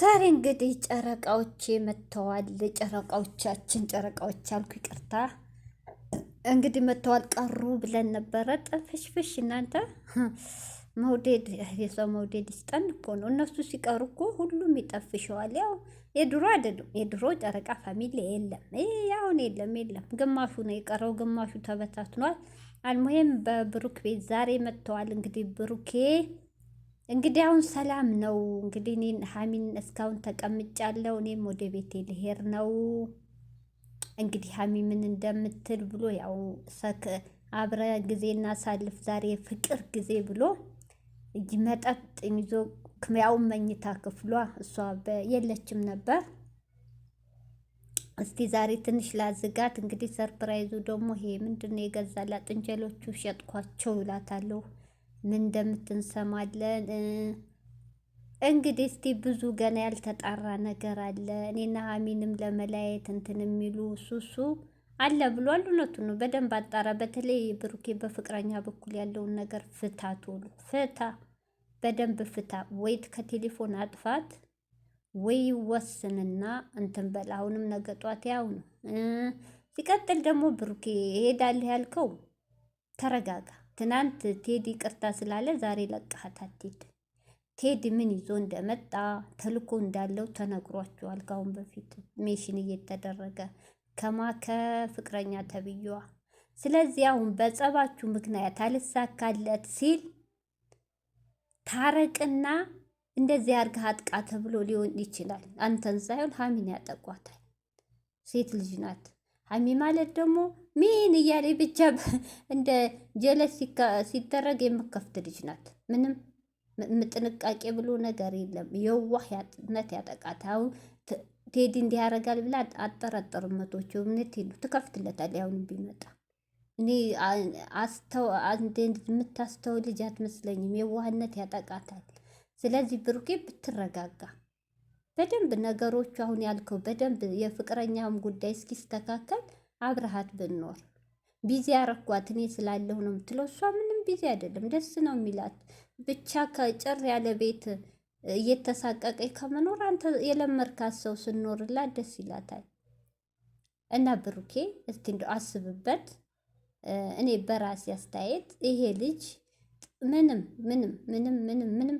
ዛሬ እንግዲህ ጨረቃዎች መጥተዋል። ጨረቃዎቻችን ጨረቃዎች አልኩ ይቅርታ። እንግዲህ መጥተዋል ቀሩ ብለን ነበረ። ጠፍሽፍሽ እናንተ መውደድ የሰው መውደድ ይስጠን እኮ ነው። እነሱ ሲቀሩ እኮ ሁሉም ይጠፍሸዋል። ያው የድሮ አይደለም። የድሮ ጨረቃ ፋሚሊ የለም፣ አሁን የለም የለም። ግማሹ ነው የቀረው፣ ግማሹ ተበታትኗል። አልሙሄም በብሩክ ቤት ዛሬ መጥተዋል። እንግዲህ ብሩኬ እንግዲህ አሁን ሰላም ነው። እንግዲህ እኔን ሀሚን እስካሁን ተቀምጫለው እኔም ወደ ቤቴ ልሄድ ነው። እንግዲህ ሀሚ ምን እንደምትል ብሎ ያው አብረ ጊዜ እናሳልፍ ዛሬ ፍቅር ጊዜ ብሎ መጠጥ ይዞ ያው መኝታ ክፍሏ እሷ የለችም ነበር። እስቲ ዛሬ ትንሽ ላዝጋት። እንግዲህ ሰርፕራይዙ ደግሞ ይሄ ምንድነው የገዛላት ጥንጀሎቹ ሸጥኳቸው ይላታለሁ። ምን እንደምትንሰማለን እንግዲህ እስቲ ብዙ ገና ያልተጣራ ነገር አለ። እኔና አሚንም ለመለያየት እንትን የሚሉ ሱሱ አለ ብሏል። እውነቱን ነው። በደንብ አጣራ። በተለይ ብሩኬ በፍቅረኛ በኩል ያለውን ነገር ፍታ፣ ቶሎ ፍታ፣ በደንብ ፍታ። ወይት ከቴሌፎን አጥፋት ወይ ወስንና እንትን በል። አሁንም ነገ ጧት ያው ነው። ሲቀጥል ደግሞ ብሩኬ ይሄዳል ያልከው ተረጋጋ። ትናንት ቴዲ ቅርታ ስላለ ዛሬ ለቃሃት አትሄድ። ቴዲ ምን ይዞ እንደመጣ ተልኮ እንዳለው ተነግሯቸዋል። ካሁን በፊት ሜሽን እየተደረገ ከማከ ፍቅረኛ ተብዬዋ። ስለዚህ አሁን በጸባችሁ ምክንያት አልሳካለት ሲል ታረቅና እንደዚህ አርጋ አጥቃ ተብሎ ሊሆን ይችላል። አንተን ሳይሆን ሀሚን ያጠቋታል። ሴት ልጅ ናት ሀሚ ማለት ደግሞ ምን እያለ ብቻ እንደ ጀለስ ሲደረግ የምከፍት ልጅ ናት። ምንም ምጥንቃቄ ብሎ ነገር የለም። የዋህ ያጥነት ያጠቃት። አሁን ቴዲ እንዲያረጋል ብላ አጠረጠር መቶች እምነት ይሉ ትከፍትለታል። ያሁን ቢመጣ እኔ የምታስተው ልጅ አትመስለኝም። የዋህነት ያጠቃታል። ስለዚህ ብሩኬ ብትረጋጋ በደንብ ነገሮቹ አሁን ያልከው በደንብ የፍቅረኛውም ጉዳይ እስኪስተካከል አብረሃት ብንኖር ቢዚ አረኳት እኔ ስላለሁ ነው የምትለው። እሷ ምንም ቢዚ አይደለም፣ ደስ ነው የሚላት ብቻ ከጭር ያለ ቤት እየተሳቀቀኝ ከመኖር አንተ የለመርካት ሰው ስኖርላት ደስ ይላታል። እና ብሩኬ እስቲ እንደው አስብበት። እኔ በራሴ አስተያየት ይሄ ልጅ ምንም ምንም ምንም ምንም ምንም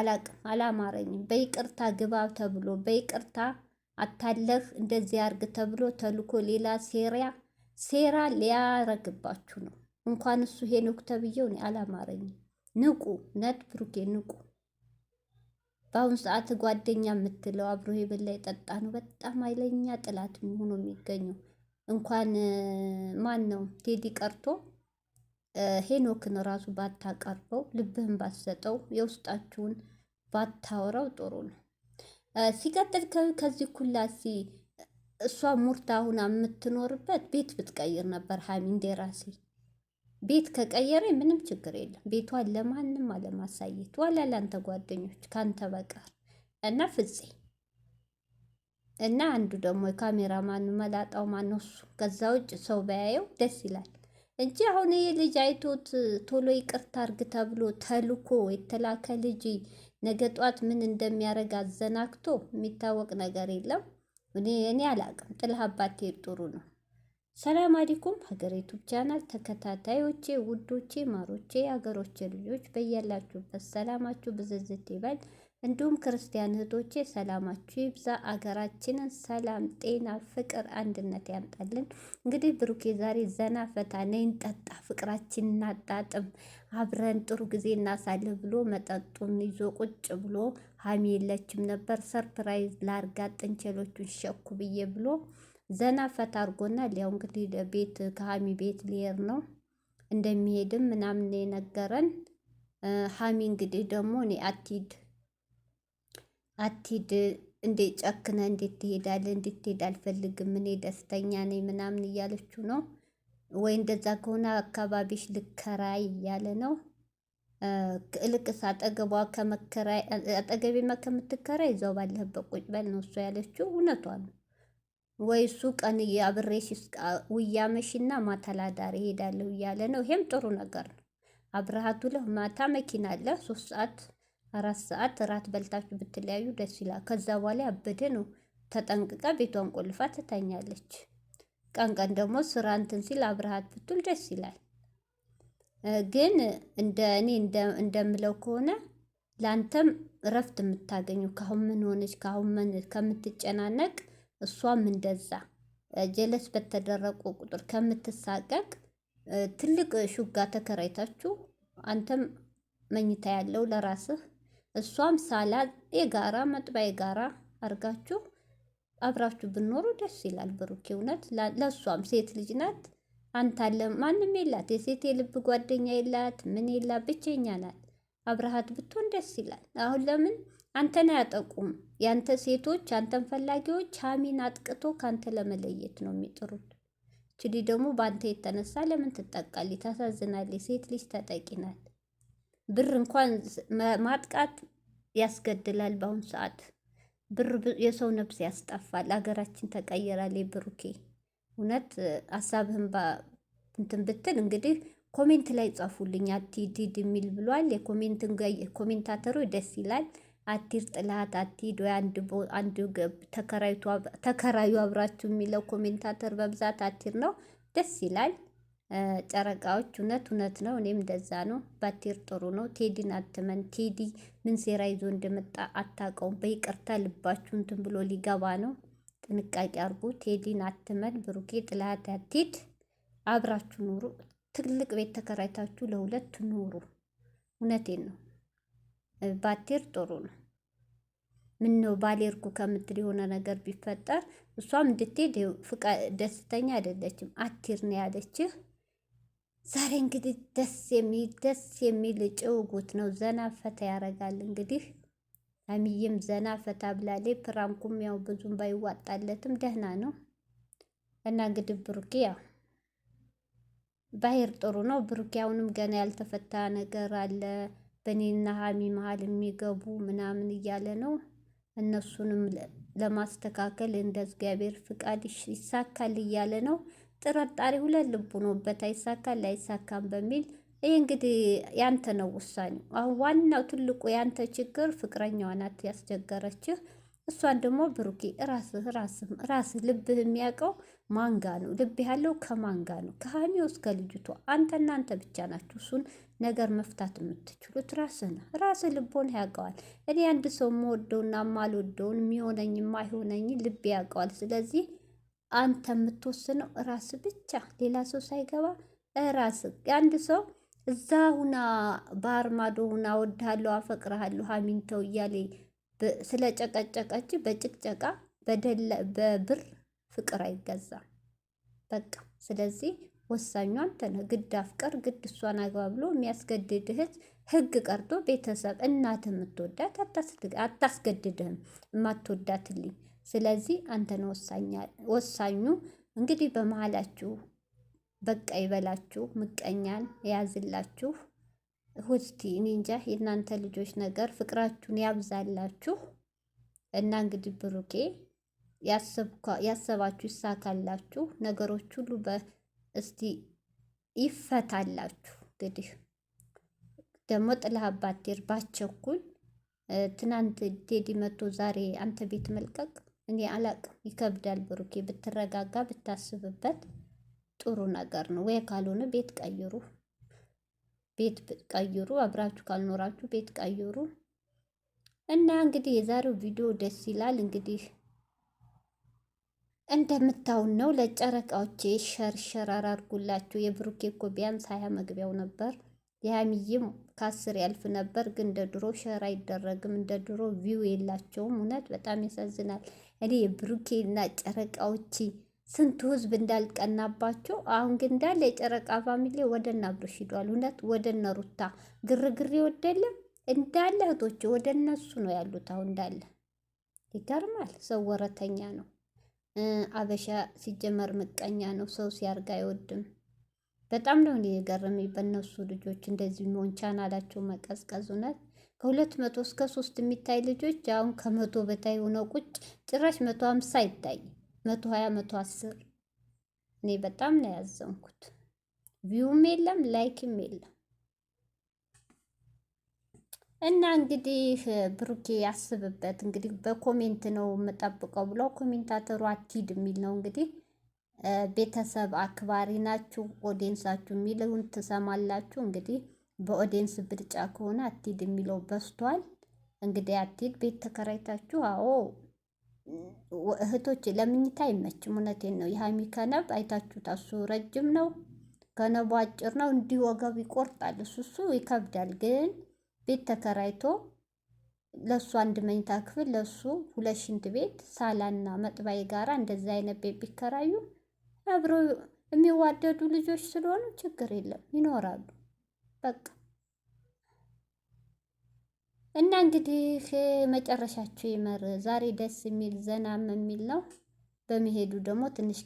አላቅም፣ አላማረኝም። በይቅርታ ግባብ ተብሎ በይቅርታ አታለህ እንደዚህ አርግ ተብሎ ተልኮ ሌላ ሴራ ሴራ ሊያረግባችሁ ነው። እንኳን እሱ ይሄ ንቁ ተብዬው እኔ አላማረኝም። ንቁ ነት ብሩኬ ንቁ። በአሁኑ ሰዓት ጓደኛ የምትለው አብሮ የበላ የጠጣ ነው። በጣም አይለኛ ጥላት ሆኖ የሚገኘው እንኳን ማን ነው ቴዲ ቀርቶ ሄኖክን ራሱ ባታቀርበው ልብህን ባትሰጠው የውስጣችሁን ባታወራው ጥሩ ነው። ሲቀጥል ከዚህ ኩላሲ እሷ ሙርታ ሁና የምትኖርበት ቤት ብትቀይር ነበር ሀሚ። ራሴ ቤት ከቀየረ ምንም ችግር የለም። ቤቷን ለማንም አለማሳየት ዋላ ላንተ ጓደኞች ካንተ በቀር እና ፍጼ እና አንዱ ደግሞ የካሜራ ማን መላጣው ማነው ከዛ ውጭ ሰው በያየው ደስ ይላል። እንጂ አሁን ይህ ልጅ አይቶት ቶሎ ይቅርታ አርግ ተብሎ ተልኮ የተላከ ልጅ ነገ ጧት ምን እንደሚያደርግ አዘናግቶ የሚታወቅ ነገር የለም። እኔ አላቅም። ጥልህ አባት ጥሩ ነው። ሰላም አሊኩም ሀገር ዩቱብ ቻናል ተከታታዮቼ፣ ውዶቼ፣ ማሮቼ፣ ሀገሮቼ ልጆች በያላችሁበት ሰላማችሁ ብዝዝት ይበል። እንዲሁም ክርስቲያን እህቶቼ ሰላማችሁ ይብዛ። አገራችንን ሰላም፣ ጤና፣ ፍቅር፣ አንድነት ያምጣልን። እንግዲህ ብሩኬ ዛሬ ዘና ፈታ ነይን ጠጣ፣ ፍቅራችን እናጣጥም፣ አብረን ጥሩ ጊዜ እናሳልፍ ብሎ መጠጡን ይዞ ቁጭ ብሎ ሀሚ የለችም ነበር ሰርፕራይዝ ላርጋ ጥንቸሎቹን ሸኩ ብዬ ብሎ ዘና ፈታ አርጎና ሊያው እንግዲህ ቤት ከሀሚ ቤት ሊሄድ ነው እንደሚሄድም ምናምን የነገረን ሀሚ እንግዲህ ደግሞ እኔ አትሂድ አትሂድ እንዴ ጨክነ እንዴት ትሄዳለህ? እንዴት ትሄድ አልፈልግም እኔ ደስተኛ ነኝ ምናምን እያለችው ነው። ወይ እንደዛ ከሆነ አካባቢሽ ልከራይ እያለ ነው። ልቅስ አጠገቧ ከመከራይ አጠገቤማ ከምትከራይ እዛው ባለህበት ቁጭ በል ነው እሷ ያለችው። እውነቷ ነው። ወይ እሱ ቀን አብሬሽ ውያመሽና ማታ ላዳር እሄዳለሁ እያለ ነው። ይሄም ጥሩ ነገር ነው። አብረሃቱ ለህ ማታ መኪና አለ ሶስት ሰዓት አራት ሰዓት እራት በልታችሁ ብትለያዩ ደስ ይላል። ከዛ በኋላ ያበደ ነው ተጠንቅቃ ቤቷን ቆልፋ ትተኛለች። ቀን ቀን ደግሞ ስራ እንትን ሲል አብረሃት ብትል ደስ ይላል። ግን እንደ እኔ እንደምለው ከሆነ ለአንተም እረፍት የምታገኙ ካሁን ምን ሆነች ካሁን ምን ከምትጨናነቅ እሷም እንደዛ ጀለስ በተደረቁ ቁጥር ከምትሳቀቅ ትልቅ ሹጋ ተከራይታችሁ አንተም መኝታ ያለው ለራስህ እሷም ሳላድ የጋራ መጥባ የጋራ አርጋችሁ አብራችሁ ብኖሩ ደስ ይላል። ብሩኬ እውነት ለእሷም ሴት ልጅ ናት። አንተ አለ ማንም የላት የሴት የልብ ጓደኛ የላት ምን የላት ብቸኛ ናት። አብረሃት ብትሆን ደስ ይላል። አሁን ለምን አንተን አያጠቁም? ያንተ ሴቶች አንተን ፈላጊዎች ሀሚን አጥቅቶ ከአንተ ለመለየት ነው የሚጥሩት። ችሊ ደግሞ በአንተ የተነሳ ለምን ትጠቃል ታሳዝናለች። ሴት ልጅ ተጠቂ ናት። ብር እንኳን ማጥቃት ያስገድላል። በአሁኑ ሰዓት ብር የሰው ነፍስ ያስጠፋል። አገራችን ተቀየራል ብሩኬ እውነት ሀሳብህን እንትን ብትል እንግዲህ ኮሜንት ላይ ጻፉልኝ። አትሂድ የሚል ብሏል። የኮሜንታተሩ ደስ ይላል። አቲር ጥላት አቲድ ወይ አንድ ተከራዩ አብራችሁ የሚለው ኮሜንታተር በብዛት አቲር ነው። ደስ ይላል። ጨረቃዎች እውነት እውነት ነው። እኔም እንደዛ ነው። ባቴር ጥሩ ነው። ቴዲን አትመን። ቴዲ ምን ሴራ ይዞ እንደመጣ አታውቀውም። በይቅርታ ልባችሁ እንትን ብሎ ሊገባ ነው። ጥንቃቄ አርጉ። ቴዲን አትመን። ብሩኬ ጥላት አብራችሁ ኑሩ። ትልቅ ቤት ተከራይታችሁ ለሁለት ኑሩ። እውነቴን ነው። ባቴር ጥሩ ነው። ምን ነው ባሌርኩ ከምትል የሆነ ነገር ቢፈጠር እሷም እንድትሄድ ደስተኛ አይደለችም። አቴር ነው ያለችህ። ዛሬ እንግዲህ ደስ የሚል ደስ የሚል ጭውውት ነው። ዘና ፈታ ያደርጋል። እንግዲህ አሚዬም ዘና ፈታ ብላሌ ፕራንኩም ያው ብዙም ባይዋጣለትም ደህና ነው እና እንግዲህ ብሩኬ ያው ባህር ጥሩ ነው። ብሩኬ አሁንም ገና ያልተፈታ ነገር አለ በእኔና ሀሚ መሀል የሚገቡ ምናምን እያለ ነው። እነሱንም ለማስተካከል እንደ እግዚአብሔር ፍቃድ ይሳካል እያለ ነው። ጥርጣሬ ሁለት ልብ ሆኖበት አይሳካል ላይሳካም በሚል ይህ እንግዲህ ያንተ ነው ውሳኔው። አሁን ዋናው ትልቁ ያንተ ችግር ፍቅረኛዋ ናት ያስቸገረችህ። እሷን ደግሞ ብሩኬ ራስህ ራስህ ራስህ ልብህ የሚያውቀው ማንጋ ነው። ልብህ ያለው ከማንጋ ነው፣ ከሀሚው እስከ ልጅቷ አንተ እናንተ ብቻ ናችሁ እሱን ነገር መፍታት የምትችሉት ራስህ ነህ። ራስህ ልቦን ያውቀዋል። እኔ አንድ ሰው የምወደውና የማልወደውን የሚሆነኝ የማይሆነኝ ልብ ያውቀዋል። ስለዚህ አንተ የምትወስነው ራስ ብቻ፣ ሌላ ሰው ሳይገባ ራስ። አንድ ሰው እዛ ሁና ባህር ሁና ወድሃለሁ፣ አፈቅርሃለሁ ሀሚንተው እያለ ስለ ጨቀጨቀች በጭቅጨቃ በብር ፍቅር አይገዛም። በቃ ስለዚህ ወሳኙ አንተ ነህ። ግድ አፍቀር ግድ እሷን አግባ ብሎ የሚያስገድድህት ህግ ቀርቶ ቤተሰብ እናት የምትወዳት አታስገድድህም። የማትወዳትልኝ ስለዚህ አንተ ነው ወሳኙ። እንግዲህ በመሀላችሁ በቃ ይበላችሁ፣ ምቀኛን የያዝላችሁ። ሁስቲ እኔ እንጃ የእናንተ ልጆች ነገር ፍቅራችሁን ያብዛላችሁ እና እንግዲህ ብሩኬ ያሰባችሁ ይሳካላችሁ። ነገሮች ሁሉ በእስቲ ይፈታላችሁ። እንግዲህ ደግሞ ጥላህ አባቴር ባቸኩል ትናንት ቴዲ መቶ ዛሬ አንተ ቤት መልቀቅ እኔ አላቅም። ይከብዳል። ብሩኬ ብትረጋጋ ብታስብበት ጥሩ ነገር ነው። ወይ ካልሆነ ቤት ቀይሩ፣ ቤት ቀይሩ። አብራችሁ ካልኖራችሁ ቤት ቀይሩ። እና እንግዲህ የዛሬው ቪዲዮ ደስ ይላል። እንግዲህ እንደምታውን ነው። ለጨረቃዎቼ ሸርሸር አራርጉላችሁ። የብሩኬ እኮ ቢያንስ ሀያ መግቢያው ነበር። የሀይሚዬም ከአስር ያልፍ ነበር፣ ግን እንደ ድሮ ሸር አይደረግም፣ እንደ ድሮ ቪው የላቸውም። እውነት በጣም ያሳዝናል። እኔ የብሩኬና ጨረቃዎች ስንቱ ህዝብ እንዳልቀናባቸው አሁን ግን እንዳለ የጨረቃ ፋሚሊ ወደ እነ ሂዷል። እውነት ወደ ሩታ ግርግር ወደለም እንዳለ እህቶች ወደ እነሱ ነው ያሉት። አሁን እንዳለ ይገርማል። ሰው ወረተኛ ነው። አበሻ ሲጀመር ምቀኛ ነው። ሰው ሲያርግ አይወድም። በጣም ነው እኔ የገረመኝ በእነሱ ልጆች እንደዚህ መሆን ቻናላቸው መቀዝቀዝ እውነት ከሁለት መቶ እስከ ሶስት የሚታይ ልጆች አሁን ከመቶ በታይ ሆነው ቁጭ ጭራሽ መቶ ሀምሳ ይታይ መቶ ሀያ መቶ አስር እኔ በጣም ነው ያዘንኩት። ቪውም የለም ላይክም የለም። እና እንግዲህ ብሩኬ ያስብበት። እንግዲህ በኮሜንት ነው የምጠብቀው ብለው ኮሜንታተሩ አትሂድ የሚል ነው እንግዲህ ቤተሰብ አክባሪ ናችሁ፣ ኦዲንሳችሁ የሚለውን ትሰማላችሁ። እንግዲህ በኦዲንስ ብልጫ ከሆነ አትሂድ የሚለው በስቷል። እንግዲህ አትሂድ ቤት ተከራይታችሁ። አዎ እህቶች ለምኝታ አይመችም። እውነቴን ነው። የሀሚ ከነብ አይታችሁ ታሱ ረጅም ነው፣ ከነቡ አጭር ነው። እንዲህ ወገብ ይቆርጣል። እሱ ይከብዳል። ግን ቤት ተከራይቶ ለሱ አንድ መኝታ ክፍል ለእሱ ሁለት ሽንት ቤት ሳላና መጥባይ ጋራ እንደዚህ አይነት ቤት ቢከራዩ አብረው የሚዋደዱ ልጆች ስለሆኑ ችግር የለም ይኖራሉ። በቃ እና እንግዲህ መጨረሻቸው ይመር። ዛሬ ደስ የሚል ዘናም የሚል ነው። በመሄዱ ደግሞ ትንሽ